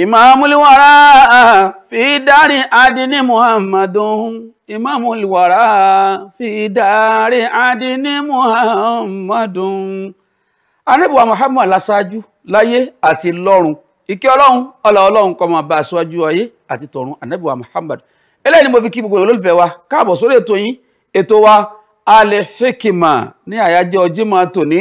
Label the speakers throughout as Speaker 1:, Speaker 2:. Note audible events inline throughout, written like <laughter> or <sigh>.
Speaker 1: ìmáàmúlìwàrá fi dárí adini muhammadun ìmáàmúlìwàrá fi dárí adini muhammadun anábìwà muhammad lásáájú láyé àti lọ́run ìkẹ́ ọlọ́run ọlá ọlọ́run kó máa bá aṣáájú ayé àti tọ̀run anábìwà muhammad eléyìí ni mo fi kí gbogbo olólùfẹ́ wa káàbọ̀ sórí ètò yín ètò wa Al-Hikima ní àyájọ́ jímọ̀ tòní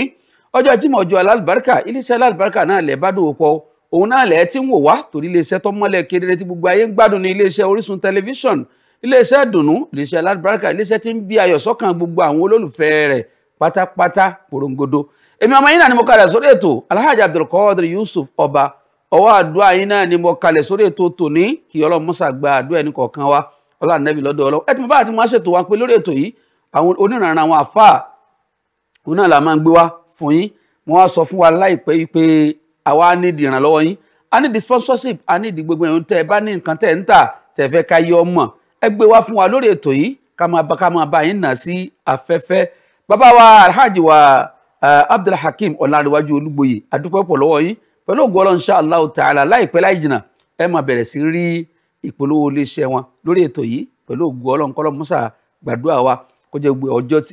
Speaker 1: ọjọ́ jímọ̀ ọjọ́ alálùbáríkà iléeṣẹ́ alálùbáríkà náà lẹ̀ bá dòwò pọ̀ òun náà lẹ́ẹ̀ tí ń wò wá torí iléeṣẹ́ tó mọ́lẹ̀ kedere tí gbogbo ayé ń gbádùn ní iléeṣẹ́ Orísun tẹlifíṣọ̀n iléeṣẹ́ dùnú iléeṣẹ́ aládùbáràkà iléeṣẹ́ tí ń bí ayọ̀ sọ́kàn gbogbo àwọn olólùfẹ́ rẹ̀ pátápátá porongodo èmi ọmọ yín náà ni mo kalẹ̀ sórí ètò Alhaji Abdulkadir Yusuf Ọba ọwọ́ àdúrà yín náà ni mo kalẹ̀ sórí ètò tòní kí Ọlọ́run mọ́sà gba àdúrà ẹni kọ̀ọ̀kan wa ọlá nẹ́bí lọ́dọ̀ Ọlọ́run ẹ ti mọ bá la máa ń gbé wá fún yín mo àwa á nídìí ìrànlọ́wọ́ yín a nídìí sponsorship a nídìí gbogbo ìrìn tẹ́ ẹ bá ní nǹkan tẹ́ ń tà tẹ́ fẹ́ ká yọ ọmọ ẹ gbé wá fún wa lórí ètò yìí ká máa bá ká máa bá yín nà sí afẹ́fẹ́ bàbá wa alhaji wa eh, abdulhakeem ọ̀làríwájú olúgboyè adúpẹ́ pọ̀ lọ́wọ́ yín pẹ̀lú ògo Ọlọ́run insha Allah ta'ala láìpẹ́ láì jìnnà ẹ máa bẹ̀rẹ̀ sí rí ìpolówó iléeṣẹ́ wọn lórí ètò yìí pẹ̀lú ògo Ọlọ́run kọ́lọ́ musa gbàdúrà wa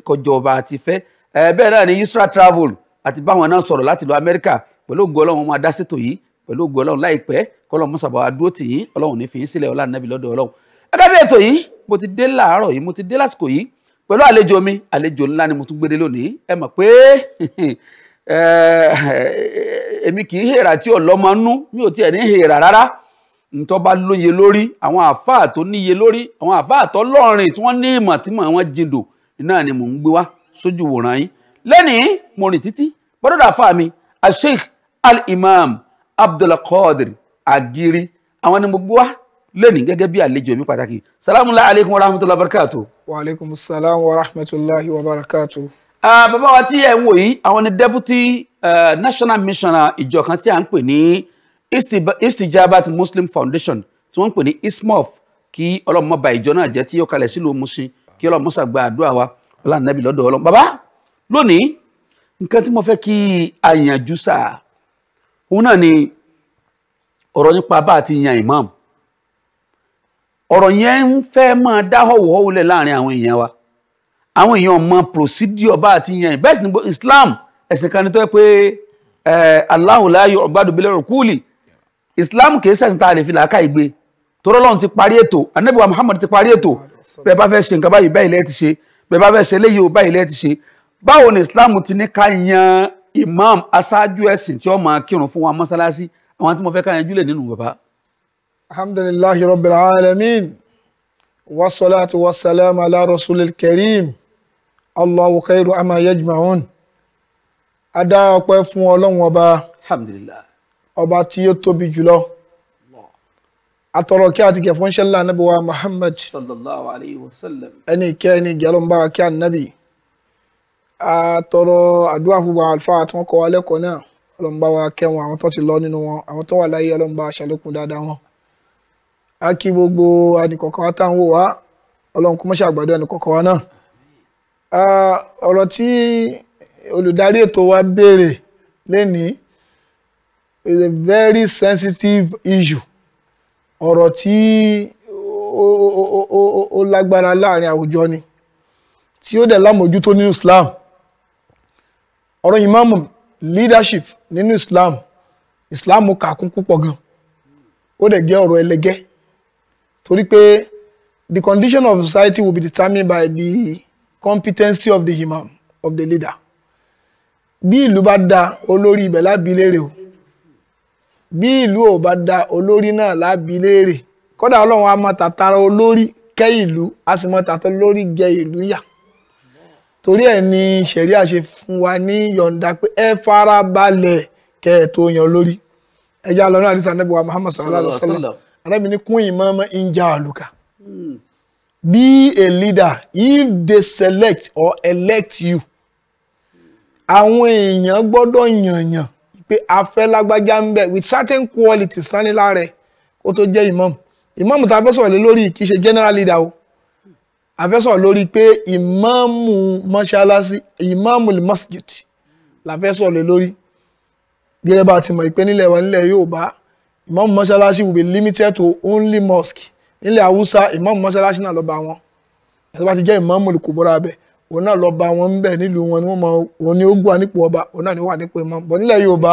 Speaker 1: kọjọ ọba àti fẹ́ eh, bẹ́ẹ̀ náà ni Yusra Travel àti báwọn náà sọ̀rọ̀ láti lọ Amẹ́ríkà pẹ̀lú ògo ọlọ́run máa dá sétò yìí pẹ̀lú ògo ọlọ́run láìpẹ́ kọ́lọ́run mọ́sàbà wa dúró tì yín ọlọ́run ní fi yín sílẹ̀ ọlá nàbí lọ́dọ̀ ọlọ́run. gẹ́gẹ́ bí ètò yìí mo ti dé láàárọ̀ yìí mo ti dé lásìkò yìí pẹ̀lú àlejò mi àlejò ńlá ni mo tún gbédé lónìí ẹ mọ̀ pé <laughs> eh, èmi kì í hèrà tí ọlọ́mọ nú mi ò tiẹ̀ ní hèrà rárá ntọ́ bá lóye lórí àwọn àfáà tó níye lórí àwọn àfáà tó lọ́rin tí wọ́n ní ìmọ̀ tí mọ̀ wọ́n jindò náà ni mò ń gbé wá sójú wòran yín lẹ́nìí mo rìn títí bọ́dọ̀dà fáà mi Sheikh al-imam abdulkadir agiri àwọn ni gbogbo wa lónìí gẹ́gẹ́ bí àlejò mi pàtàkì salamu alaykum wa rahmatulahi wa barakatu.
Speaker 2: wa aleykum salaam wa rahmatulahi wa barakatu.
Speaker 1: bàbá wa tí ẹ ń wò yìí àwọn ni deputy uh, national missioner ìjọ kan tí a ń pè ní istijabat muslim foundation tí wọ́n ń pè ní ismof kí ọlọ́mọ bá ìjọ náà jẹ́ tí ó kalẹ̀ sílùú Mushin kí ọlọ́mọ sàgbà àdúrà wa ọlọ́run nàbì lọ́dọ̀ ọlọ́run bàbá lónìí nǹkan tí mo fẹ́ kí a sáà òun ni ọ̀rọ̀ nípa bá àti yan imam ọ̀rọ̀ yẹn ń fẹ́ máa dáhọ̀wọ̀họ̀wọ̀lẹ̀ láàrin àwọn èèyàn wa àwọn èèyàn mọ procedure bá àti yan bẹ́ẹ̀ sì ni Islam ẹ̀sìn kan ní tó yẹ pé Allahu la yu'badu bil rukuli Islam kìí sẹ̀sìn tá a lè fi làákà ìgbé torọ́ lọ́run ti parí ètò anábìwá Muhammad ti parí ètò bẹ́ẹ̀ bá fẹ́ ṣe nǹkan báyìí báyìí lẹ́ẹ̀ ti ṣe bẹ́ẹ̀ bá fẹ́ ṣe eléyìí báyìí lẹ́ẹ̀ ti ṣe báwo ni Islam ti ní ká yan imam aṣáájú ẹ̀sìn tí ó máa kírun fún wa mọ́sálásí àwọn tí mo fẹ́ ká yanjú lè nínú bàbá.
Speaker 2: alhamdulillahi rabbil alamin wasalaatu wasalaamu ala rasulil kareem allahu khairu ama yajma'un adá ọpẹ́ fún Ọlọ́run ọba alhamdulillah ọba tí ó tóbi jùlọ atọrọ kí àti gẹfọn ṣẹlẹ anabi wa muhammad sallallahu kẹ ẹni gẹlọmbà kí anabi a tọrọ àdúrà fún gbogbo àlùfáà tí wọ́n kọ́ wa lẹ́kọ̀ọ́ náà ọlọ́mùbá wa kẹ́ wọn àwọn tó ti lọ nínú wọn àwọn tó wà láyé ọlọ́mùbá aṣàlékún dáadáa wọn. a kí gbogbo anìkọ̀kan wa táwọn wò wá ọlọ́run kó mọ́ṣẹ́ àgbàdo anìkọ̀kan wa náà. ọ̀rọ̀ tí olùdarí ètò wa béèrè lénìí is a very sensitive issue ọ̀rọ̀ tí ó lágbára láàrin àwùjọ ni tí ó dẹ̀ lámòjútó ní Islam ọ̀rọ̀ ìmáàmù leadership nínú Islam Islam kà kún púpọ̀ gan ó dẹ̀ jẹ́ ọ̀rọ̀ ẹlẹgẹ́ torí pé the condition of society will be determined by the competency of the imam of the leader bí ìlú bá da olórí ibẹ̀ lábí léèrè o bí ìlú ò bá da olórí náà lábí léèrè kódà ọlọ́run á máa tàtàrà olórí kẹ́ ìlú á sì máa tàtàrà olórí gẹ ìlú yà torí ẹ̀ ni ṣẹ̀ríà ṣe fún wa ní yọ̀ǹda pé ẹ fara balẹ̀ kẹ́ ẹ tó yan lórí ẹ já lọ́nà àdìsá anábì muhammad sallallahu alayhi wa sallam anábì ní kún ìmọ̀ọ́mọ́ ìjà àlùkà hmm. be a leader if they select or elect you àwọn èèyàn gbọ́dọ̀ yànyàn pé a fẹ́ lágbájá ń bẹ̀ with certain qualities sanni lára ẹ̀ kó tó jẹ́ imam imam tá a fẹ́ sọ̀rọ̀ lórí kì í ṣe general leader o afẹ́sọ̀ lórí pé ìmáàmù mọ́ṣáláṣí ìmáàmù masjid láfẹ́sọ̀ lé lórí gẹ́gẹ́ bá ti mọ̀ ìpé nílẹ̀ wa nílẹ̀ Yorùbá ìmáàmù mọ́ṣáláṣí will be limited to only mosque nílẹ̀ Haúsá ìmáàmù mọ́ṣáláṣí náà lọ́ba wọn ẹ̀sọ́ bá ti jẹ́ ìmáàmù kòbóra bẹ̀ òun náà lọ́ba wọn ń nílùú wọn ni wọ́n mọ òun ni ó gbà nípò ọba òun náà ni wà nípò ìmáàmù bọ̀ nílẹ̀ Yorùbá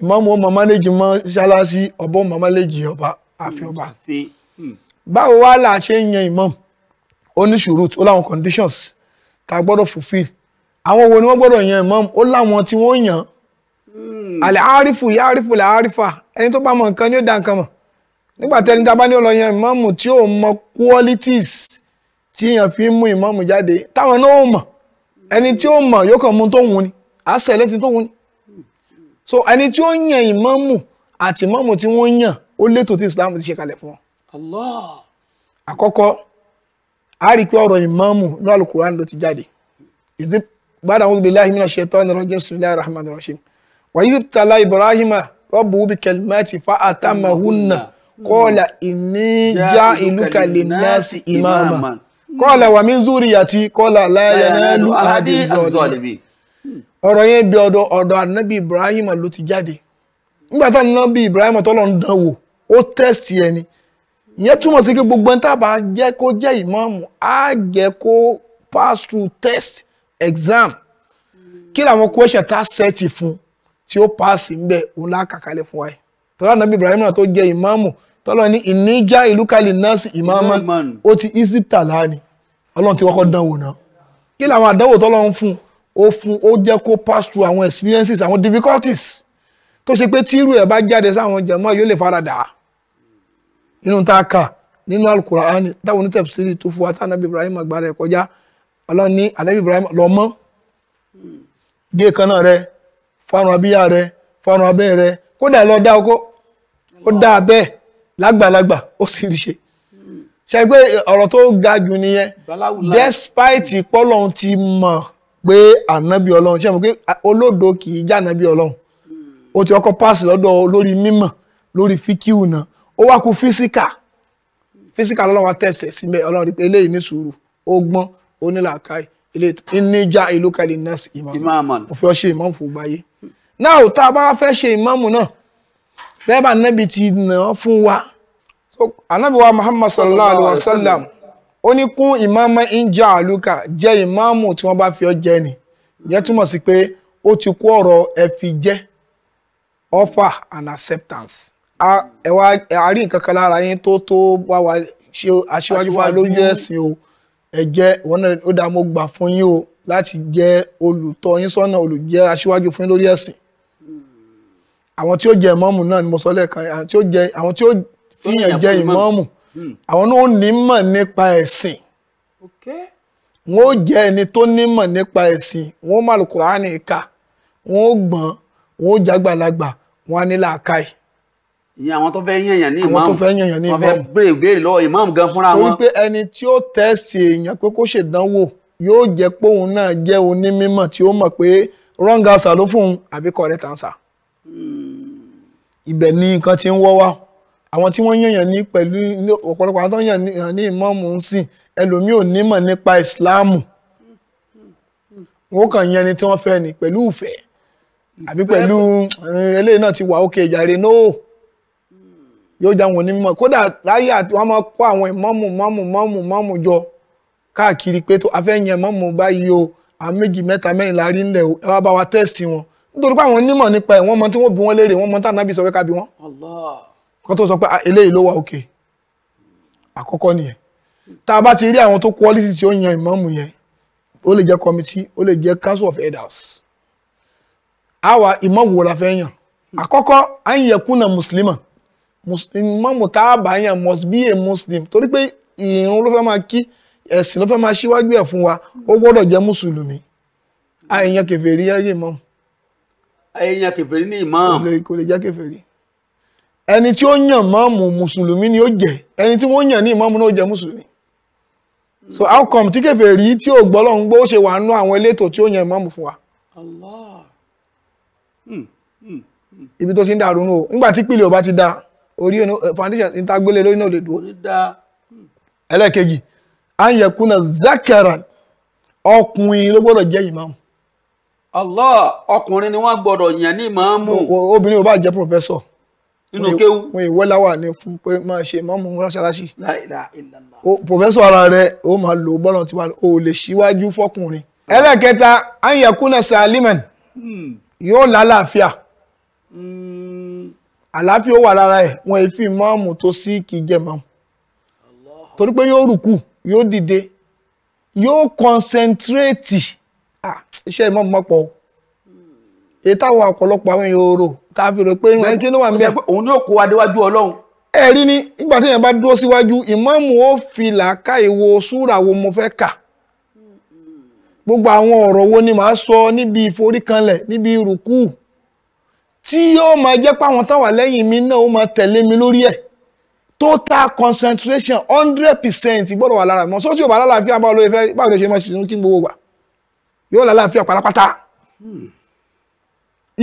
Speaker 2: ìmáàmù ó mọ mánéjì mọ́ṣáláṣí ọ̀bọ mọ mánéjì ọba àfi ọba hmm. báwo wá là ṣe ń yan ìmáàmù ó ní ṣùrùt ó láwọn conditions tá a fulfil. fulfill àwọn wo ni wọ́n gbọ́dọ̀ yan imam ó láwọn tí wọ́n yàn àlẹ́ àárífù yá àárífù là àárífà ẹni tó bá mọ nǹkan ni ó dá nǹkan mọ̀ nígbà tẹ́ni tá a bá ní ọlọ́ yan imam tí ò mọ qualities tí èèyàn fi ń mú imam jáde táwọn náà ò mọ̀ ẹni tí ó mọ̀ yóò kàn mú tó wù ni àṣẹ lẹ́tí tó wù ni so ẹni tí ó yan imam àti imam tí wọ́n yàn ó létò tí Islam ti ṣe kalẹ̀ fún wọn. Allah. àkọ́kọ́ a rí i pé ọ̀rọ̀ ìmáàmù ní alukur'an ló ti jáde ìzí bàdà a'udhu billahi minash shaitani rajim bismillahir rahmanir rahim wa idh ibtala ibrahima rabbuhu bi kalimati fa atammahunna qala inni ja'iluka linnasi imama qala wa min zuriyati qala la yanalu ahadi ọ̀rọ̀ yẹn bí ọ̀dọ̀ ọ̀dọ̀ ànábì ibrahima ló ti jáde nígbà táwọn ànábì ibrahima tọ́lọ́ ń dánwò ó tẹ̀sí ẹni ìyẹn túmọ̀ sí kí gbogbo ẹni tábà jẹ́ kó jẹ́ ìmáàmù á jẹ́ kó pass through test exam kí làwọn question tá sẹ́ẹ̀tì fún tí ó pass ńbẹ òun lákàkálẹ̀ fún wa yìí tọ́lá nàbí Ibrahim náà tó jẹ́ ìmáàmù tọ́lọ́ ní ìníjà ìlú kálí nọ́ọ̀sì ìmáàmù ó ti Ísípítà láàánì ọlọ́run ti kọ́kọ́ dánwò náà kí làwọn àdánwò tọ́lọ́ ń fún ó fún ó jẹ́ kó pass through àwọn experiences àwọn difficulties tó ṣe pé tírú ẹ̀ bá jáde sáwọn jẹ̀mọ́ yóò lè faradà á nínú tá a kà nínú alukur'ani táwọn onítẹ̀fisiri tó fún wa tá anabi ibrahim àgbà rẹ̀ kọjá ọlọ́run ní anabi ibrahim lọ mọ́ gé kanáà rẹ fárun abíyá rẹ fárun abẹ́ rẹ kódà lọ dá ọkọ ó dá abẹ́ lágbàlagbà ó sì rí ṣe ṣe pé ọ̀rọ̀ tó ga jù nìyẹn despite pọ́lọ́hún ti mọ̀ pé ànábì ọlọ́run ṣe mọ̀ pé olódo kì í jẹ́ ànábì ọlọ́run ó ti ọkọ̀ páàsì lọ́dọ̀ lórí mímọ̀ lórí fíkíù náà ó wá ku físíkà físíkà lọ́lọ́wọ́ tẹ̀sẹ̀ síbẹ̀ ọlọ́run pé eléyìí ní sùúrù ó gbọ́n ó ní làákàyè eléyìí níjà ìlú kẹlẹ nọọsì ìmáàmù mo fi ọ ṣe ìmáàmù fún gbáyé náà ò tá a bá fẹ́ ṣe ìmáàmù náà bẹ́ẹ̀ bá nẹ́bi ti nà án fún wa anabi wa muhammad sallallahu alaihi wa sallam ó ní kún ìmáàmù ìjà àlùkà jẹ́ ìmáàmù tí wọ́n bá fi ọ jẹ́ ni ìyẹn túmọ̀ sí pé ó ti kú ọ̀rọ̀ ẹ offer and acceptance ẹ wá a rí nǹkan kan lára yín tó tó bá wa ṣe aṣíwájú fún wa lójú ẹ̀sìn o ẹ jẹ́ wọn náà ó dáa mo gbà fún yín o láti jẹ́ olùtọ́ yín sọ́nà olùjẹ́ aṣíwájú fún yín lórí ẹ̀sìn àwọn tí ó jẹ ìmọ̀ọ́mù náà ni mo sọ lẹ́ẹ̀kan àwọn tí ó jẹ àwọn tí ó fìyàn jẹ ìmọ̀ọ́mù hmm. àwọn náà ó nímọ̀ nípa ẹ̀sìn wọn ó jẹ ẹni tó nímọ̀ nípa ẹ̀sìn wọn ó mọ Al-Kùránì kà wọn ó gbọ́n wọn ó jágbàlagbà wọn á ní làákàyè
Speaker 1: ìyẹn àwọn tó fẹ́ yẹ̀yàn ní ìmáàmù àwọn tó fẹ́ yẹ̀yàn ní ìmáàmù wọ́n fẹ́ béèrè béèrè lọ́wọ́ ìmáàmù gan fúnra wọn. torí pé
Speaker 2: ẹni tí ó tẹ̀sí èèyàn pé kó ṣèdánwò yóò jẹ́ pé òun náà jẹ́ onímọ̀ tí ó mọ̀ pé wrong answer ló fún un àbí correct answer. ibẹ̀ ni nǹkan ti ń wọ́ wá àwọn tí wọ́n yẹ̀yàn ní pẹ̀lú ọ̀pọ̀lọpọ̀ àwọn tó yẹ̀yàn ní ìmáàmù ń sìn ẹlòmíì ò nípa ìsìláàmù wọ́n kàn yẹn ni tí wọ́n fẹ́ ni pẹ̀lú ìfẹ́ àbí pẹ̀lú eléyìí náà ti wà ókè jàre nóò yóò já wọn onímọ̀ kódà láyé àti wọn máa kó àwọn ìmọ̀mù mọ́mù mọ́mù mọ́mù jọ káàkiri pé tó afẹ́ yẹn mọ́mù báyìí o àwọn méjì mẹ́ta mẹ́rin la rí ńlẹ̀ o ẹ wá bá wa tẹ́sì wọn nítorí pé àwọn onímọ̀ nípa ẹ̀ wọ́n mọ tí wọ́n bí wọ́n léèrè wọ́n mọ tí ànábì sọ pé ká bí wọ́n. kó tó sọ pé ah, eléyìí ló wà òkè àkọ́kọ́ nìyẹn tá a bá ti rí àwọn tó quality tí ó yan ìmọ̀mù yẹn ó lè jẹ́ committee ó lè jẹ́ council of elders àwa ìmọ̀wò la fẹ́ yàn àkọ́kọ́ àyìnyẹ̀kúnà mùsùlùmọ̀ mọ́mù tá a bá yàn must be a muslim torí pé ìrun ló fẹ́ máa kí ẹ̀sìn ló fẹ́ máa ṣíwájú ẹ̀ fún wa ó gbọ́dọ̀ jẹ́ mùsùlùmí àìyàn kèfèrí ayé mọ́mù. àìyàn kèfèrí ní imam. kò lè jẹ́ kèfèrí. ẹni tí ó yàn mọ́mù mùsùlùmí ni ó jẹ́ ẹni tí wọ́n yàn ní ìmọ̀mù náà ó jẹ́ mùsùlùmí. so how come tí kèfèrí tí ò gbọ́ lọ́hún gbó ṣe wà nú àwọn elétò tí ó yàn ìmọ̀mù fún wa. Allah. Hmm, hmm, hmm. ibi tó ti ń dàrú nù o nígbà tí pìlẹ̀ ò bá ti dáa orí eh, foundation ní tágbélé lórí náà lè dúró. ẹlẹ́ẹ̀kejì anyakuna zakara ọkùnrin ló gbọ́dọ̀ jẹ́ ìmáàmù. Allah ọkùnrin ni wọ́n gbọ́dọ̀ yàn ní ìmáàmù. obìnrin ò bá jẹ́ professor. nínú kéwù. wọn ìwé láwà ní fún pé máa ṣe ìmáàmù ráṣáráṣí. professor ara rẹ ó máa lò bọ́lọ̀ tiwa o lè ṣíwájú fọkùnrin. ẹlẹ́ẹ̀kẹta anyakuna saliman hmm. yóò lálàáfíà. Mm àlàáfíà ó wà lára ẹ̀ wọn èéfì mọ́ọ̀mù tó sí kì í jẹ mọ́ọ̀mù torí pé yóò rùkù yóò dìde yóò kọ́nsẹ̀ntrétì iṣẹ́ ìmọ̀ọ́mọ́pọ̀ o èyí táwọn ọ̀pọ̀lọpọ̀ àwọn èèyàn rò tá a fi rò pé ìwọ̀n kí ló wà níbẹ̀. òun yóò kó wa ọlọ́run. ẹ rí ni nígbà téèyàn bá dúró síwájú ìmọ̀ọ̀mù ó fi làákà ìwo súra wo mo fẹ́ kà gbogbo àwọn ọ̀rọ̀ wo ni màá sọ níbi ìforíkanlẹ̀ níbi rùkù tí yóò máa jẹ́ páwọn tán wà lẹ́yìn mi náà ó máa tẹ̀lé mi lórí ẹ̀ total concentration hundred percent gbọ́dọ̀ wà lára mọ́ sọ́tí ò lálàáfíà báwo ló fẹ́ báwo ló ṣe máa ṣìṣẹ́ kí n gbowó wà yóò lálàáfíà pátápátá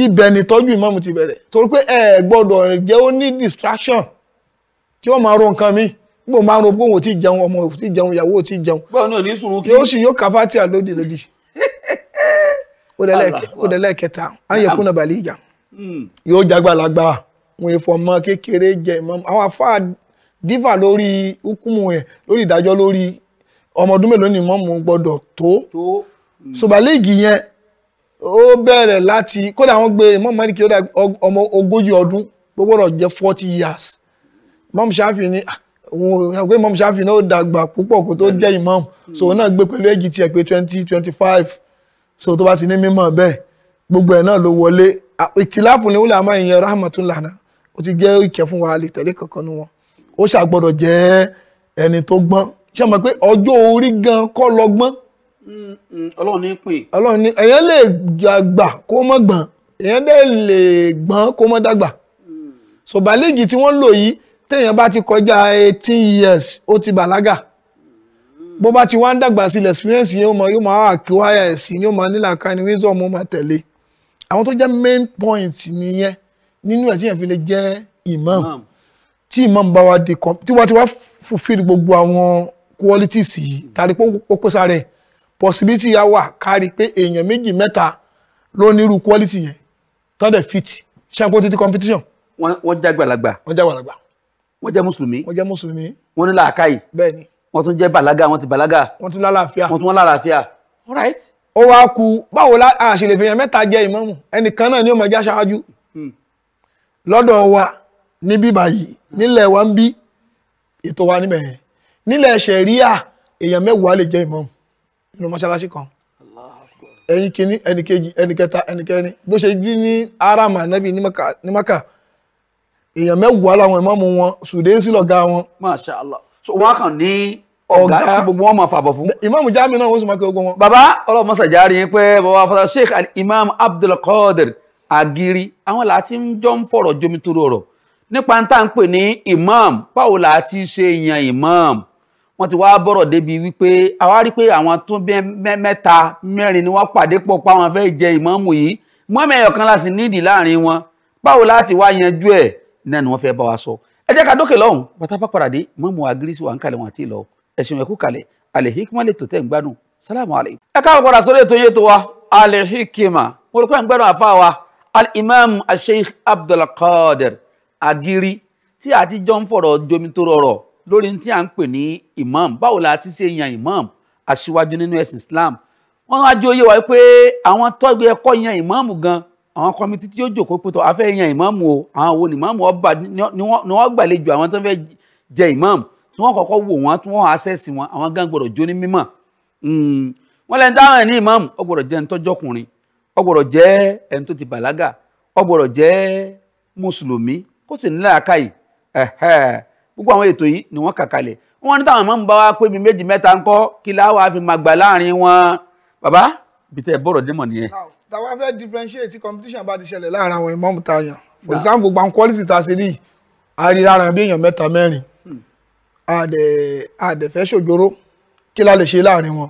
Speaker 2: ibẹ̀ nìtọ́jú ìmọ̀mù ti bẹ̀rẹ̀ torí pé ẹ gbọ́dọ̀ jẹ́ ó ní distraction kí wọ́n máa ro nǹkan mi gbọ́ máa ro gbóhùn tí jẹun ọmọ tí jẹun ìyàwó tí jẹun yóò sì yóò kàfá tí a lódì lódì ó dẹ̀ lẹ́ẹ̀kẹta á yẹ kúnnà bàlí ìjà yóò jágbàlagbà wọn èèfọ ọmọ kékeré jẹ mọ àwọn afáà dífà lórí hukumu ẹ lórí ìdájọ́ lórí ọmọ ọdún mélòó ni mọ mọ gbọ́dọ̀ tó hmm. sobalegi yẹn ó bẹ̀rẹ̀ láti kódà wọ́n gbé mọ mọ kí ọmọ ogójì ọdún gbọ́dọ̀ jẹ forty years mọmú ṣáfì ni ah, òun ẹgbẹ́ mọmú ṣáfì náà ó dàgbà púpọ̀ kó tó jẹ́ imam hmm. so òun náà gbé pẹ̀lú èjì tiẹ̀ pé twenty twenty five so tó bá ti ní mímọ̀ bẹ́ẹ̀ gbogbo ẹ̀ náà ló wọlé ìtìláàfù ni ó lè máa yẹn rahmatullah náà ó ti jẹ́ ìkẹ́ fún wa lè tẹ̀lé kankan nu wọn ó ṣàgbọ́dọ̀ jẹ́ ẹni tó gbọ́n ṣe mọ̀ pé ọjọ́ orí gan kọ́ lọ́gbọ́n. ọlọ́run ní pè. ọlọ́run ní èèyàn lè gbà kó mọ̀ gbọ́n èèyàn dẹ̀ lè gbọ́n kó mọ̀ dàgbà. Mm. sọ̀bàlẹ́jì tí wọ́n lò yìí téèyàn bá ti kọjá eighteen years ó ti bàlágà mm. bó bá ti wá ń dàgbà sí experience yóò mọ yóò máa wà kí wáyà ẹ̀sìn yóò máa nílàkánì wisdom ó máa tẹ̀lé àwọn tó jẹ́ main point nìyẹn nínú ẹ̀ tí yẹn fi lè jẹ́ imam tí imam bá wa di kan tí wọ́n ti wá fulfill gbogbo àwọn qualities yìí tàbí ó pèsè rẹ̀ possibility yà wà kárí pé èèyàn méjì mẹ́ta ló nírú quality yẹn tọ́dẹ̀ fit ṣàpò títí competition.
Speaker 1: wọ́n jẹ́ àgbàlagbà. wọ́n jẹ́ àgbàlagbà. wọ́n jẹ́ mùsùlùmí. wọ́n jẹ́ mùsùlùmí. wọ́n ní làákàyè. bẹ́ẹ̀ni. wọ́n tún jẹ́ bàlágà wọ́n ti bàlágà. wọ́n tún lálàáfíà.
Speaker 2: wọ́n tún lálàáfíà. all right ó wá ku báwo la a ṣe lè fi yàn mẹ́ta jẹ ìmáàmù ẹnìkan náà ni ó máa já ṣáájú hmm. lọ́dọ̀ wa níbí báyìí nílẹ̀ wa ń bí ètò wa níbẹ̀ yẹn nílẹ̀ ṣẹ̀ríà èèyàn mẹ́wàá lè jẹ ìmáàmù nínú mọ́ṣáláṣí kan ẹ̀yin kìíní ẹnì kejì ẹnì kẹta ẹnì kẹrin bó ṣe rí ní aram anabi ní maka èèyàn mẹ́wàá làwọn ìmáàmù wọn sùdẹ́ńsì lọ́gá wọn. Masha Allah so wọn kàn ní ọ̀gá tí gbogbo wọn máa fàbọ̀ fún. ìmáàmù jami náà wọ́n sì máa kí ogun wọn. bàbá
Speaker 1: ọlọ́run mọ́sàjà rí i pé bàbá fata sheikh imam abdulkadir agiri àwọn làá ti ń jọ ń fọ̀rọ̀ jomitoro ọ̀rọ̀ nípa ń tà ń pè ní imam báwo làá ṣe yan imam wọ́n ti wá bọ̀rọ̀ débi wípé àwa rí pé àwọn tó bẹ mẹ́ta mẹ́rin ni wọ́n pàdé pọ̀ pa àwọn fẹ́ jẹ ìmáàmù yìí mọ́mí ẹ̀yọ̀ kan láti nídìí láàrin wọn báwo láti wá yanjú ẹ̀ náà ni wọ́n fẹ́ bá wa sọ ẹ jẹ́ ká dókè lọ́hùn pátápá padà dé mọ́mú agírísí wa ń kalẹ̀ wọn àti ìlọ́wọ́ ẹ̀sìn ẹ̀kú kalẹ̀ alihikima lè tó tẹ̀ ń gbádùn sálámù alẹ́. ẹ káàbọ̀ padà sórí ètò yẹn tó wa alihikima mo rò pé ń gbádùn àfa wa al-imam al-sheikh agiri tí a ti jọ ń fọ̀rọ̀ jomi tó rọrọ̀ lórí tí a ń pè ní imam báwo la ti ṣe yan imam aṣíwájú nínú ẹ̀sìn islam wọ́n wá jẹ́ òye wa pé àwọn tọ́gbẹ́ ẹ̀kọ́ yan imam gan àwọn kọmitì tí ó jòkó pé tó a fẹ́ yan imam o àwọn wo ni imam ọba ni wọ́n gbàlejò àwọn tó fẹ́ jẹ imam tí wọ́n kọ́kọ́ wò wọ́n tí wọ́n àṣẹ́sì wọn àwọn gan gbọ́dọ̀ jó ní mímọ̀ hmm. wọ́n lẹ́ni dáhùn ẹ̀ ní ìmáàmù ó gbọ́dọ̀ jẹ́ ẹni tó jọkùnrin ó gbọ́dọ̀ jẹ́ ẹni tó ti bàlágà ó gbọ́dọ̀ jẹ́ mùsùlùmí kó sì nílẹ̀ àkàyè gbogbo àwọn ètò yìí ni wọ́n kà kalẹ̀ wọ́n ní táwọn ìmáàmù bá wá pé mi méjì mẹ́ta ń kọ́ kí láwàá fi máa gbà láàrin wọn bàbá bìtẹ́ bọ̀rọ̀ dẹ́mọ̀ nìyẹn.
Speaker 2: tàwa fẹ́ differentiate tí competition bá ti ṣẹlẹ̀ láàrin àwọn ìmáàmù tá for example gbogbo àwọn quality tá a ṣe ní àárí lára bí èèyàn mẹ́ta mẹ́rin àdẹ̀ àdẹ̀fẹ́ ṣòjóró kí la lè ṣe láàrin wọn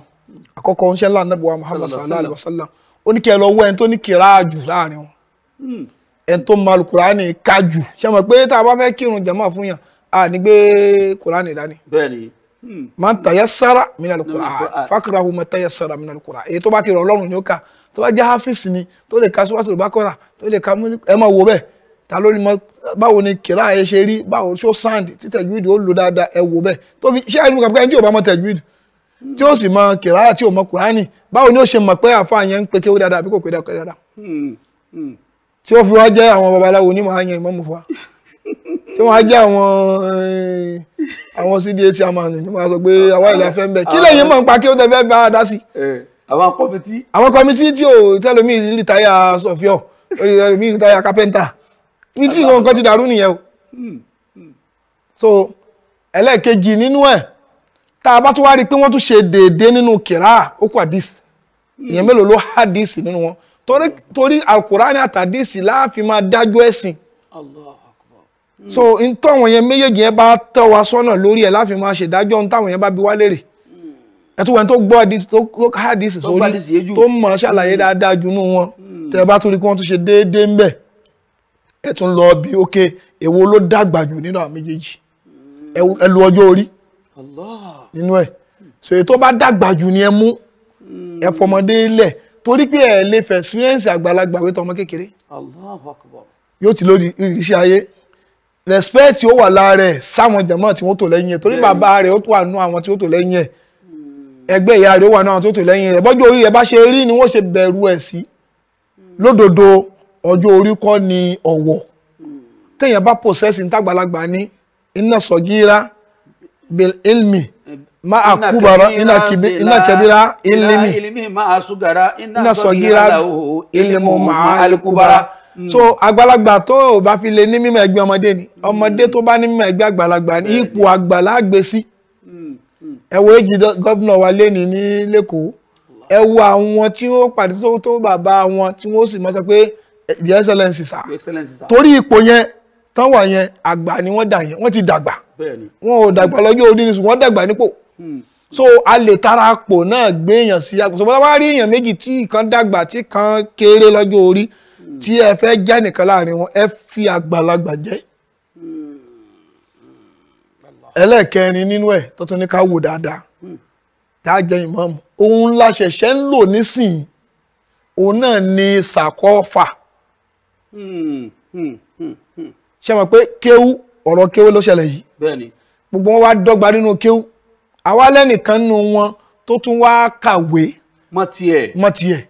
Speaker 2: àkọ́kọ́ ń ṣe ńlá nàbí wa muhammad sallallahu alayhi wa sallam ó ní kí ẹ lọ wọ ẹni tó ní kíra jù láàrin wọn hmm. ẹni tó mọ alukurani ká jù ṣe mọ̀ pé tá a bá fẹ́ kírun jàmá fún yàn a ní gbé kurani dání. bẹ́ẹ̀ni hmm. man tayassara minal qur'an fakrahu ma tayassara minal qur'an èyí tó bá ti rọ ọlọ́run ni ó kà tó bá jẹ́ hafiz ni tó lè ka suratul ta ló ní mọ báwo ni kìlá ẹ ṣe rí báwo ṣó sand tí tẹ̀gbìdì ó lò dáadáa ẹ wò bẹ́ẹ̀ tó fi ṣé ẹni kankan tí ò bá mọ tẹ̀gbìdì tí ó sì mọ kìlá tí ò mọ kùránì báwo ni ó ṣe mọ̀ pé àfa yẹn ń pe kéwé dáadáa àbí kò pé dáadáa hmm, hmm. tí ó fi wá jẹ́ àwọn babaláwo onímọ̀ àyàn ìmọ̀mù fa tí wọ́n á jẹ́ àwọn eh, àwọn cdac amanu ní wọ́n sọ pé àwa ìlà fẹ́ ń bẹ̀ kí lẹ́yìn mọ̀ nípa kí ó tẹ̀fẹ́ bá a dá sí.
Speaker 1: Eh, àwọn kọmitì.
Speaker 2: àwọn kọmitì tí ò tẹlomi rìtáyà sọfíọ tẹlomi rìtáyà kápẹ́ńtà ibi tí ìran nǹkan ti dàrú nìyẹn o hmm, hmm. so ẹlẹ́ẹ̀kejì nínú ẹ̀ tá a bá tún wá rí i pé wọ́n tún ṣe déédéé nínú kìrá okùn hadith hmm. ìyẹn mélòó ló hadith nínú wọn torí alukurani àtàdísì láàfin máa dájú ẹ̀sìn so n tọ́wọ̀n yẹn méjèèjì yẹn bá tọ́ wa sọ́nà lórí ẹ̀ láàfin máa ṣèdájọ́ n táwọn yẹn bá bi wá léèrè ẹ̀tún wọn tó gbọ́ hadith tó hadith sórí tó mọ̀ ṣàlàyé dáadáa jù nù wọn tẹ̀ bá tún rí kí wọ́n tún ṣe déédéé ń ẹ tún lọ bí ókè èwo ló dàgbà jù nínú àwọn méjèèjì ẹ lu ọjọ́ orí nínú ẹ̀ so èyí tó bá dàgbà jù ni ẹ mú ẹ hmm. fọmọdé lẹ̀ torí pé ẹ lè fẹ́ experience àgbàlagbà wẹ́tọ̀ ọmọ kékeré yóò ti lórí ìrísí ayé respect ó wà lára ẹ̀ sáwọn jàmá tí wọ́n tò lẹ́yìn ẹ̀ torí bàbá rẹ̀ ó tó àánú àwọn tí ó tò lẹ́yìn ẹ̀ hmm. ẹgbẹ́ ìyá rẹ̀ ó wà náà tó tò lẹ́yìn rẹ̀ bọ́jú orí rẹ̀ bá ṣe rí ni wọ́n ṣe bẹ̀rù ẹ̀ sí hmm. lódodo ọjọ́ orí kọ́ ni ọ̀wọ̀ téèyàn bá possess ní tàgbàlagbà ní iná sọ̀gíra bil ilmi ma akubara iná kẹbíra ilimi
Speaker 1: iná sọ̀gíra ilimu ma alikubara
Speaker 2: hmm. so àgbàlagbà tó o bá fi lè ní mímọ̀ ẹgbẹ́ ọmọdé ni ọmọdé tó bá ní mímọ̀ ẹgbẹ́ àgbàlagbà ní ipò àgbàlá gbé sí hmm, hmm. ẹ wo èjì gómìnà wa lẹ́ni ní lẹ́kọ̀ọ́ ẹ wo àwọn tí wọ́n pàdé tó bàbá wọn tí wọ́n sì mọ́ sọ pé the excellence sir torí ipò yẹn tán wà yẹn àgbà ni wọ́n dà yẹn wọ́n ti dàgbà wọn ò dàgbà lọ́jọ́ òní ni wọ́n dàgbà nípò hmm. so a lè tara pò náà gbé èèyàn sí àkóso bọ́lá wá rí èèyàn méjì tí kan dàgbà tí kan kéré lọ́jọ́ orí hmm. tí ẹ fẹ́ jẹ́ nìkan láàrin wọn ẹ fi àgbàlagbà jẹ́ hmm. ẹlẹ́ẹ̀kẹrin nínú ẹ̀ tó tún ní ká wò dáadáa tá a jẹ ìmọ̀ọ́mù òun la ṣẹ̀ṣẹ̀ ń lò nísìnyí òun náà ni sàkọ́fà ṣe mọ̀ pé kéwú ọ̀rọ̀ kéwú ló ṣẹlẹ̀ yìí gbogbo wọn wá dọ́gba nínú kéwú àwa lẹ́nìkan nínú wọn tó tún wá kàwé mọ́ tiẹ̀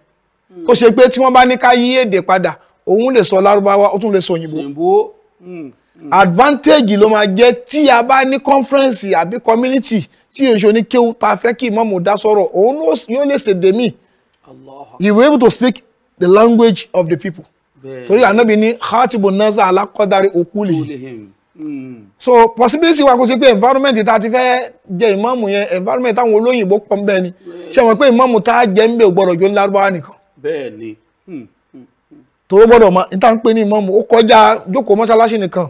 Speaker 2: kó ṣe pé tí wọ́n bá ní ká yí èdè padà òun lè sọ lárúbáwá ó tún lè sọ òyìnbó hmm, hmm. advantage ló máa jẹ́ tí a bá ní conference àbí community tí èso ní kéwú ta fẹ́ kí ìmọ̀mù dá sọ̀rọ̀ òun yóò lè ṣèdè mí you will able to speak the language of the people torí ànábì ní khatibu nasa alakọ́dárí okúlì so possibility wa kò sí pé environment tá a ti fẹ́ jẹ ìmáàmù yẹn environment táwọn olóyìnbó pọ̀ nbẹ ni ṣé wọn pé ìmáàmù tá a jẹ ń bẹ̀ gbọ́dọ̀ jó lárúbáwá nìkan.
Speaker 1: bẹ́ẹ̀ni. Mm, mm, mm.
Speaker 2: tó o gbọ́dọ̀ máa níta ń pè ní ìmáàmù ó kọjá jókòó mọ́ṣáláṣí nìkan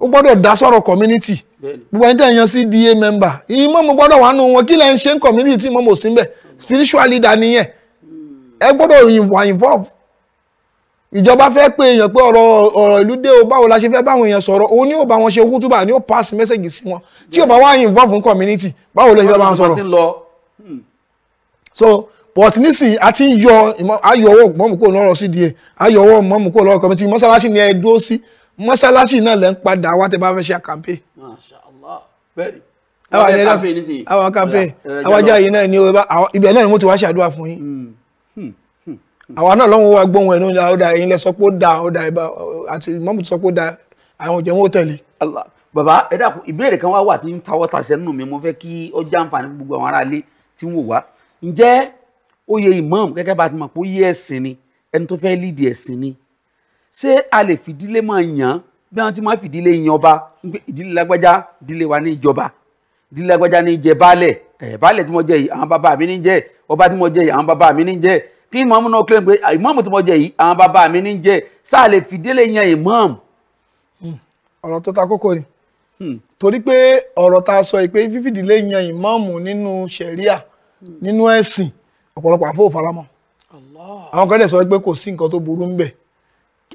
Speaker 2: ó gbọ́dọ̀ dá sọ̀rọ̀ community gbogbo ẹni tẹ̀ yan sí DA member ìmáàmù gbọ́dọ̀ wà nù wọn kí lẹ́ ń ṣe community tí ìmáàmù ò sí ń bẹ̀ spiritual leader nìyẹn ẹ gbọ́dọ̀ wà involve ìjọba fẹ́ pé èèyàn pé ọ̀rọ̀ ọ̀rọ̀ ìlú dé o báwo la ṣe fẹ́ báwọn èèyàn sọ̀rọ̀ o ni ó bá wọn ṣe kútúbà ni ó pass message sí wọn tí ò bá wá involve fún community báwo ló ṣe fẹ́ bá wọn sọ̀rọ̀ hmm. so but nísìnyí a ti ń yọ ayọ̀wọ̀ mọ́mù kò lọ́rọ̀ CDA ayọ̀wọ̀ mọ́mù kò lọ́rọ̀ committee mọ́sálásí ni ẹ dúró sí mọ́sálásí náà lẹ́ ń padà wá tẹ́ bá fẹ́ ṣe campaign. Masha
Speaker 1: Allah bẹ́ẹ̀ni àwọn ẹ̀dá àwọn campaign àwọn ajá yìí
Speaker 2: náà ni ibẹ̀ náà ni mo ti wá ṣàdúrà fún yín. Hmm. Hmm àwa náà lọ́wọ́ wa gbóhùn ẹ̀nu ọ̀dà ọ̀dà ẹ̀yin lẹ sọ pé ó da ọ̀dà ẹ̀bà àti mọ́mù ti sọ pé ó da àwọn òjò wọn ò tẹ̀lé. bàbá
Speaker 1: ẹ dàkú ìbéèrè kan wá wà tí ń tawọ́ tasẹ̀ nínú mi mo fẹ́ kí ó já nfààní gbogbo àwọn aráalé tí ń wò wá ǹjẹ́ oyè imam gẹ́gẹ́ bá a ti mọ̀ pé ó yé ẹ̀sìn ni ẹni tó fẹ́ lídìí ẹ̀sìn ni ṣé a lè fìdílé máa yàn bí wọ́n ti máa fìdílé yan ọba ìdílé lágbájá ìdílé wa ní ìjọba ìdílé lágbájá ní jẹ baálẹ̀ baálẹ̀ tí mo jẹ yìí àwọn bàbá mi ní jẹ ọba tí mo jẹ yìí àwọn bàbá mi ní jẹ tí ìmọ̀mù náà claim pé ah, ìmọ̀mù tí mo jẹ yìí àwọn bàbá mi ní jẹ sáà lè fìdílé yan ìmọ̀mù.
Speaker 2: Hmm. ọ̀rọ̀ tó ta kókó ni hmm. torí pé ọ̀rọ̀ tá a sọ yìí pé fífìdílé yan ìmọ̀mù nínú ṣẹ̀ríà hmm. nínú ẹ̀sìn ọ̀pọ̀lọpọ̀ àfọwò faramọ́ àwọn kan dẹ̀ sọ pé kò sí nǹkan tó burú ń bẹ̀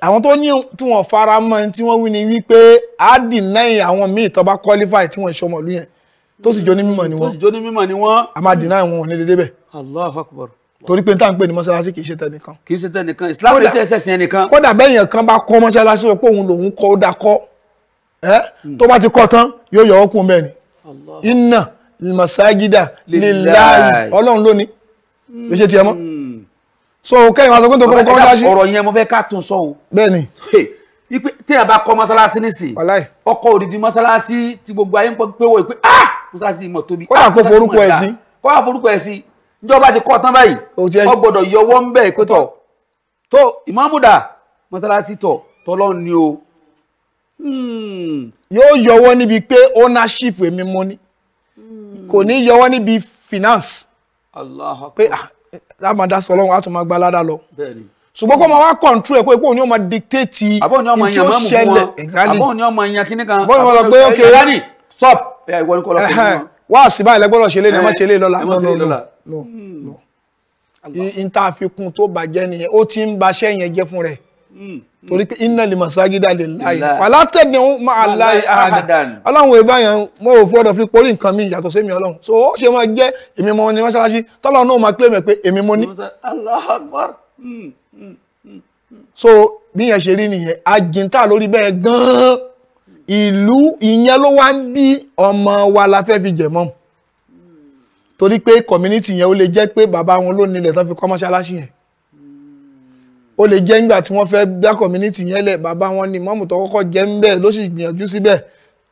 Speaker 2: àwọn tó ní tí wọ́n faramọ́ tí wọ́n wí ni wípé á dì náà àwọn míì tó bá qualify tí wọ́n ìṣọmọ̀lú yẹn tó sì jó ní mímọ̀ ni wọ́n tó sì jó ní mímọ̀ ni wọ́n a máa dì náà wọn ní dédé bẹ́ẹ̀ torí pé n tá n pè ní mọ́ṣáláṣí kì í ṣe tẹnìkan.
Speaker 1: kì í ṣe tẹnìkan islam ní tẹ́sẹ̀ sí ẹnìkan.
Speaker 2: kódà bẹ́yìn kan bá kọ́ mọ́ṣáláṣí rẹ̀ pé òun lòun kọ́ ó dà kọ́ ẹ́ hmm. tó bá ti kọ́ tán yóò yọ ọkùn bẹ́ẹ̀ ni. inna masajida lillahi ọlọ́run lónìí ló ṣe tiẹ̀ mọ́. Hmm. so kẹ́yìn wọn sọ pé tó kọ́ mọ́ṣáláṣí. ọ̀rọ̀
Speaker 1: yẹn mo fẹ́ ká tún sọ o. bẹ́ẹ̀ni. ipe tí a bá kọ́ mọ́ṣáláṣí nísìn ọkọ̀ òdìdí mọ́ṣáláṣí ti gbogbo ayé ń pọ̀ pé wọ́n ì ìjọba ti kọ́ tán báyìí ọ gbọ́dọ̀ yọwọ́ ń bẹ̀ pé tọ̀ tó ìmọ̀mùdà
Speaker 2: mọ́sálásí tọ̀ tọ́lọ́ ni o. Hmm. yóò yọwọ́ níbi pé ownership èmi mo ní hmm. kò ní yọwọ́ níbi finance pé lámàdá ah, sọ lọ́wọ́ àtúmọ̀ agbálada lọ ṣùgbọ́n kó máa wá control ẹ̀ kó epo ni ó máa dictate ìtí ó ṣẹlẹ̀ exactly àbọ̀
Speaker 1: ni ọmọ ìyàn kíní kan àbọ̀ ni wọ́n lọ pé ok
Speaker 2: stop ìwọ ni kò lọ pẹ̀lú wọn. wá sí báyìí lẹ́gbọ́dọ̀ ṣe lé ní eh, ẹ má ṣe lé lọ́la no hmm. no n tá a fi kún tó bàjẹ́ nìyẹn ó ti ń baṣẹ́ yẹn jẹ́ fún rẹ̀ hmm. torí pé iná lè masajida lè láyé falátẹ́ni máa láyé àdá ọlọ́run ìbá yẹn mo ò fọ́dọ̀ fi porí nǹkan mi yàtọ̀ sí mi ọlọ́run so ó ṣe máa jẹ́ èmi mo ní mọ́ṣáláṣí tọ́lọ́run náà máa kílèmẹ̀ pé èmi mo ní. Hmm, so bí yẹn ṣe rí nìyẹn àjìntà lórí bẹ́ẹ̀ gan-an ìlú ìyẹn ló wá ń bí ọmọ wa la fẹ́ fi jẹ̀ torí pé community yẹn ó lè jẹ́ pé bàbá wọn ló nílẹ̀ tán fi kọ́ mọ́ṣáláṣí yẹn ó lè jẹ́ nígbà tí wọ́n fẹ́ gbá community yẹn lẹ̀ bàbá wọn ni mọ́mù tó kọ́kọ́ jẹ́ ń bẹ̀ ló sì gbìyànjú síbẹ̀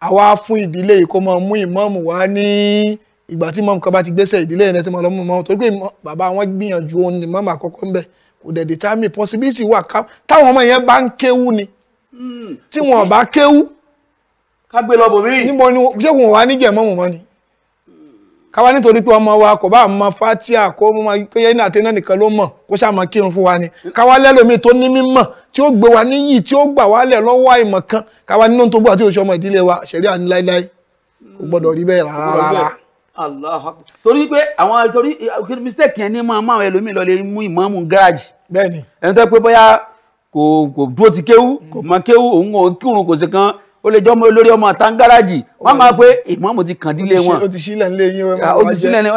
Speaker 2: àwa fún ìdílé yìí kó máa mú ìmọ̀ọ́mù wá ní ìgbà tí mọ́mù kan bá ti gbéṣẹ́ ìdílé yẹn tí mo lọ mú mọ́mù torí pé bàbá wọn gbìyànjú òun ni mọ́mù àkọ́kọ́ ń bẹ̀ kò dẹ̀ determine possibility wà ká táwọn ọmọ yẹn bá ń kéwú ni hmm, tí wọn ò bá kéwú. ká gbé lọ bòmíì. níbo ni ṣé wọn wà á níjẹ̀ mọ́mù mọ́ ni káwa nítorí pé ọmọ wa kò bá mọ fatia kó mọ kéye ní àtẹnà nìkan ló mọ kó ṣàmọ kírun fún wa ni káwa lẹ́lòmíì tó ní mímọ̀ tí ó gbé wa níyì tí ó gbà wá lẹ̀ lọ́wọ́ àìmọ̀ kan káwa nínú tó gbà tí oṣù ọmọ ìdílé wa ṣẹ̀rí àní láíláí kò gbọ́dọ̀ rí bẹ́ẹ̀ rárá.
Speaker 1: torí pé àwọn torí mistake yẹn ní máa máa ẹlòmíì lọ lè mú ìmọ̀ọ́mù gáràjì ẹni tó pé bóyá kò dúró ti kéwú kò mọ kéwú òun kò kírun kò sí kan ó lè jọ́ olórí ọmọ àtàngárájì wọ́n máa pé ìmọ̀ọ́mù ti kàn dílé wọn. ó
Speaker 2: ti sílẹ̀ ńlẹ̀ yín wọn máa jẹ́ ó ti sílẹ̀ ńlẹ̀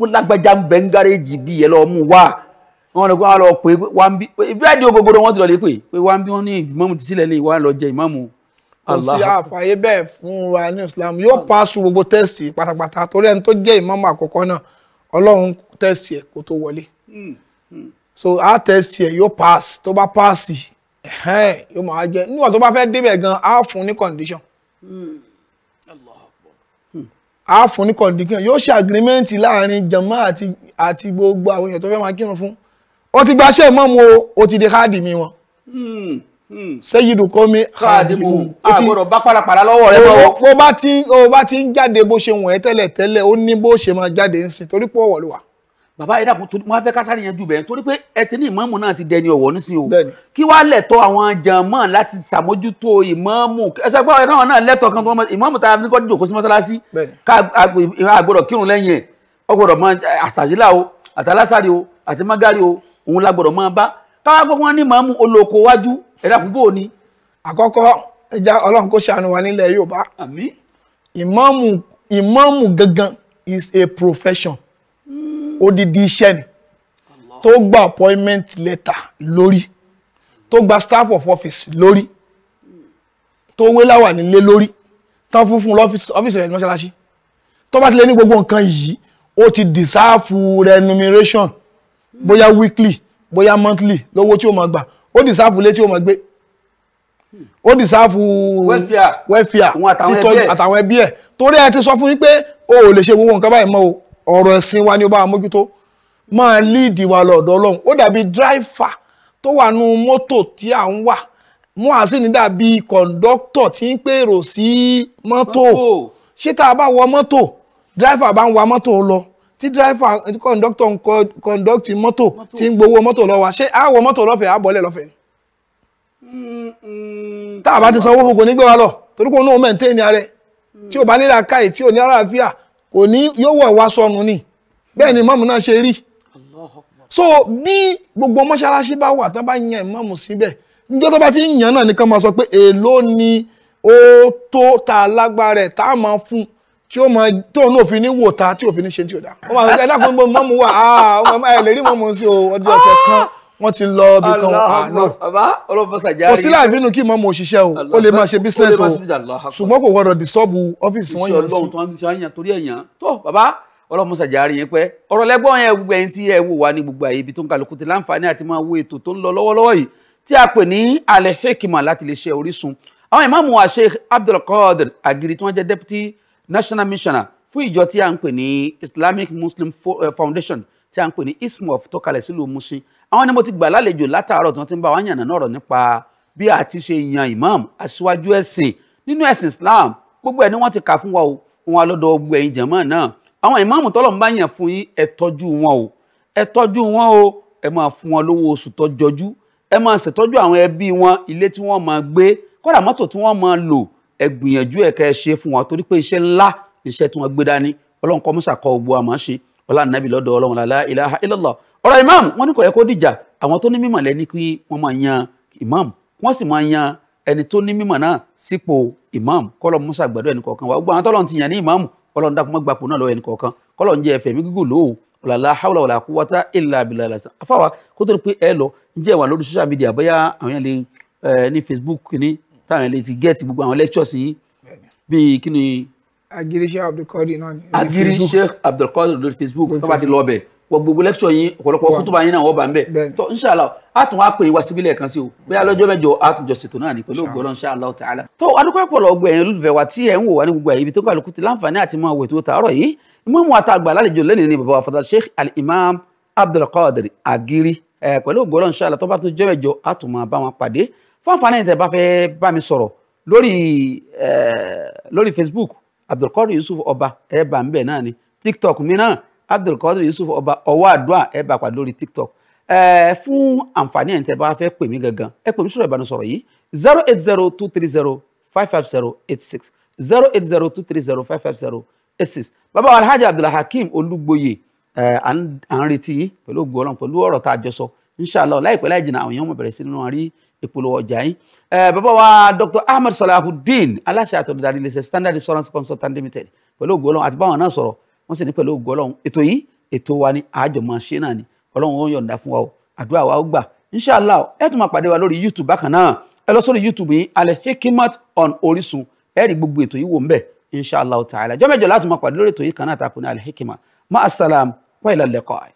Speaker 1: wọn lágbájá ń bẹ ń gáréjì bí ẹ lọ́ọ́ mú wá wọn lọ pé wọn lọ pé wọn bí ìbílẹ̀dì ogogoro wọn ti lọ lè pè pé wọn
Speaker 2: bí wọn ní ìmọ̀ọ́mù ti sílẹ̀ ńlẹ̀ wọn lọ jẹ ìmọ̀ọ́mù. kò sí àfààyè bẹ́ẹ̀ fún wa ní Islam yóò paṣu gbogbo tẹ́sì pátápátá torí ẹni tó jẹ́ ìmọ̀ọ́mù àkọ́kọ́ náà Ọlọ́run tẹ́sì ẹ̀ kó tó wọlé hmm, hmm. so a tẹ́sì ẹ̀ yóò pass tó bá pass yóò máa jẹ níwọ̀n tó bá fẹ́ débẹ̀ gan á fún ní condition á fún ní condition yóò ṣe agreement láàrin jama àti àti gbogbo àwọn èèyàn tó fẹ́ máa kírun fún ó ti gbaṣẹ́ mọ́ mu o ó ti di káàdì mi wọn sẹ́yìn kọ́ mi àdìbò àgbọ̀dọ̀
Speaker 1: bá parapàra lọ́wọ́ rẹ lọ́wọ́.
Speaker 2: bó bá ti ń jáde bó ṣe wọ̀nyẹ́ tẹ́lẹ̀ tẹ́lẹ̀ ó ní bó ṣe máa jáde ń sìn torí pé ọ̀wọ̀ ló wà
Speaker 1: bàbá yìí dàpọ̀ mo fẹ́ kásárì yẹn jù bẹ́ẹ̀ torí pé ẹ ti ní ìmáàmù náà ti dẹni ọ̀wọ́ ní sí o kí wàá lẹ̀tọ́ àwọn jàmọ́ láti ṣàmójútó ìmáàmù ẹsẹ̀ pé káwọn náà lẹ́tọ̀ kan tó ìmáàmù tá ní kọ́ jòkó sí mọ́sálásí àgbọ̀dọ̀ kírun lẹ́yìn ẹ̀ ọgbọ̀dọ̀ mọ àtàjílà o àtàlásàrì o àti mágárì o òun la gbọ́dọ̀ bá káwá
Speaker 2: is a profession odidi iṣẹ́ ni tó gba appointment letter lórí tó gba staff of office lórí tó wé láwà nílé lórí tán fún fún lọ́fíìsì rẹ̀ ní mọ́ṣáláṣí tó bá ti lé ní gbogbo nǹkan yìí ó ti deserve remuneration bóyá weekly bóyá monthly lówó tí ó máa gbà ó deserve lé tí ó máa gbé ó deserve welfare Welfare. àtàwọn ẹbí ẹ̀ torí ẹ ti sọ fún yín pé o ò lè ṣe gbogbo nǹkan báyìí mọ́ o ọ̀rọ̀ ẹ̀sìn wa ni ó bá mójútó máa líìdì wa lọ́dọ̀ ọlọ́run ó dàbí dráìfà tó wà nù mọ́tò tí à ń wà mú àsìní dàbí kọ̀ǹdọ́tọ̀ tí ń pèrò sí mọ́tò ṣé tá a bá wọ mọ́tò dráìfà bá ń wa mọ́tò lọ tí dráìfà kọ̀ǹdọ́tọ̀ ń kọ̀ǹdọ́tì mọ́tò tí ń gbowó mọ́tò lọ wa ṣé a wọ mọ́tò lọ́fẹ̀ẹ́ a bọ́lẹ̀ lọ́fẹ̀ẹ́ ni. tá a bá ti sanwó fún kò ní gbé wa lọ torí kò ní òun mẹ́ǹtẹ́ẹ̀nì ara rẹ̀ tí ò bá nílà káyì tí ò ní àlàáfíà kò ní yóò wọ̀ wá sọnù ni bẹ́ẹ̀ ni mọ́mù náà ṣe rí so bí gbogbo mọ́ṣáláṣí bá wà tán bá yan ìmọ̀mù síbẹ̀ níjọ́ tó bá ti náà nìkan máa sọ pé èèló ni ó tó ta lágbára rẹ̀ tá a máa fún tí ọjọ́ wọ́n ti lọ ibi kan ah,
Speaker 1: àánú kò sí láì
Speaker 2: bínú kí mọ́mọ́ òṣìṣẹ́ o ó lè máa ṣe business o ṣùgbọ́n kò gbọ́dọ̀ disọ́ọ̀bù ọ́fíìsì wọ́n yàn sí. ìṣòro
Speaker 1: tó ń ṣe àyàn torí ẹ̀yàn tó bàbá ọlọ́mọ sàjárì yẹn pẹ́ ọ̀rọ̀ lẹ́gbọ́n yẹn gbogbo ẹ̀yin tí ẹ wò wá ní gbogbo àyè ibi tó ń kálukú ti láǹfààní àti máa wo ètò tó ń lọ lọ́wọ́lọ́wọ́ yìí tí a pè ní alẹ́ hekima láti lè ṣe Orísun àwọn ìmáàmù wa Sheikh Abdulkadir Agiri tí wọ́n jẹ́ deputy national missioner fún ìjọ tí a ń pè ní Islamic Muslim eh, Foundation tí a ń pè ní ismof tó kalẹ̀ sílùú Mushin àwọn ni mo ti gbà lálejò látàárọ̀ tí wọ́n ti ń bá wa yànnà náà rọ̀ nípa bí a ti ṣe yan imam aṣíwájú ẹ̀sìn nínú ẹ̀sìn Islam gbogbo ẹ̀ ni wọ́n ti kà fún wa o wọn lọ́dọ̀ gbogbo ẹ̀yin jẹ̀mọ́ náà àwọn ìmáàmù tọ́lọ̀ ń bá yàn fún yín ẹ tọ́jú wọn o ẹ tọ́jú wọn o ẹ máa fún wọn lówó oṣù tó jọjú ẹ máa ṣètọ́jú àwọn ẹbí wọn ilé tí wọ́n máa gbé kódà mọ́tò tí wọ́n máa lò ẹ gbìyànjú ẹ̀ kẹ́ ṣe fún wọn torí pé iṣẹ́ ńlá iṣẹ́ tí wọ́n gbé dání ọlọ́run kọ́ mọ́sàkọ́ gbogbo àmọ́ ṣe ọlá nàbì lọ́dọ̀ ọlọ́run la ilaha illallah ọ̀rọ̀ imam wọn ní kò yẹ kó dìjà àwọn tó ní mímọ̀ lẹ́ni kí wọ́n máa yan imam wọ́n sì máa yan ẹni tó ní mímọ̀ náà sípò imam kọ́lọ̀ musa gbàdọ̀ ẹnì kọ̀ọ̀kan wa gbogbo àwọn tọ́lọ̀ ti yàn ní imam ọlọ́run dàpọ̀ mọ́ gbapò náà lọ́wọ́ ẹnì kọ̀ọ̀kan kọ́lọ̀ ń jẹ́ ẹ̀fẹ̀ mi gígùn lóhùn ọ̀làlá hàwùlà ọ̀là kúwọ́tà ìlà bìlà lásán afáwa kó tó di pé ẹ lọ ǹjẹ́ wà lórí social media bóyá àwọn yẹn lè ní Facebook ní táwọn yẹn lè ti gẹ́ẹ̀tì gbogbo àwọn lectures yìí bíi kí ni
Speaker 2: agiri sheikh abdulkadir náà ni. agiri
Speaker 1: sheikh abdulkadir lórí facebook tó bá ti lọ bẹ̀ wọ gbogbo lecture yín ọ̀pọ̀lọpọ̀ kútùbà yín náà wọ́n bá ń bẹ̀ tó inṣàlá a tún wá pè é wá síbí lẹ́ẹ̀kan sí o bóyá lọ́jọ́ mẹ́jọ a tún jọ ṣètò náà ní pẹ̀lú ògbọ́n inṣàlá ta'ala. tó adúgbò ẹ̀pọ̀lọ̀ ọgbẹ̀ ẹ̀yìn olùfẹ́ wa tí ẹ̀ ń wò wá ní gbogbo àyè ibi tó kàlùkù ti láǹfààní àti máa wò ètò tààrọ̀ yìí mú mu àtàgbà lálejò lẹ́nìí ni bàbá wa fata sheikh al-imam abdulkadir agiri pẹ̀lú ògbọ́n inṣàlá tó bá tún jẹ́ mẹ́jọ a tún máa bá wọn pàdé facebook abdulkadir yusuf ọba ẹ bá ń bẹ̀ náà ni tiktok mi náà abdulkadir yusuf ọba ọwọ́ àdúrà ẹ bá pàdé lórí tiktok ẹ fún àǹfààní ẹ̀ ń tẹ́ bá fẹ́ pè mí gangan ẹ pè mí sọ̀rọ̀ ìbánisọ̀rọ̀ yìí zero eight zero two three zero five five zero eight six zero eight zero two three zero five five zero eight six bàbá alhaji abdulhakeem olúgbòye à ń retí yín pẹ̀lú ògùn ọlọ́run pẹ̀lú ọ̀rọ̀ tá a jọ sọ inshallah láìpẹ́ láì jìnnà àwọn èèyàn mọ̀ bẹ̀rẹ̀ sí nínú wọn ìpolówó ọjà yín bàbá wa Dr. Ahmed Salahudeen aláṣẹ àtọ̀dọ̀dàrí iléeṣẹ́ Standard Insurance Consultant Limited pẹ̀lú ògo Ọlọ́run àti báwọn náà sọ̀rọ̀ wọ́n sì ní pẹ̀lú ògo Ọlọ́run ètò yìí ètò wa ni àjọ máa ṣe náà ni Ọlọ́run ó yọ̀ǹda fún wa o àdúrà wa ó gbà inshàlá ẹ tún máa pàdé wa lórí YouTube bákan náà ẹ lọ sórí YouTube yìí Al Hikmat on Orisun ẹ rí gbogbo ètò yìí wò ń bẹ̀ inshàlá ta'ala jọ́mẹ́jọ láti máa pàdé lórí ètò yìí kan náà tàkùn ní Al Hikmat ma'as salam wa ilal liqa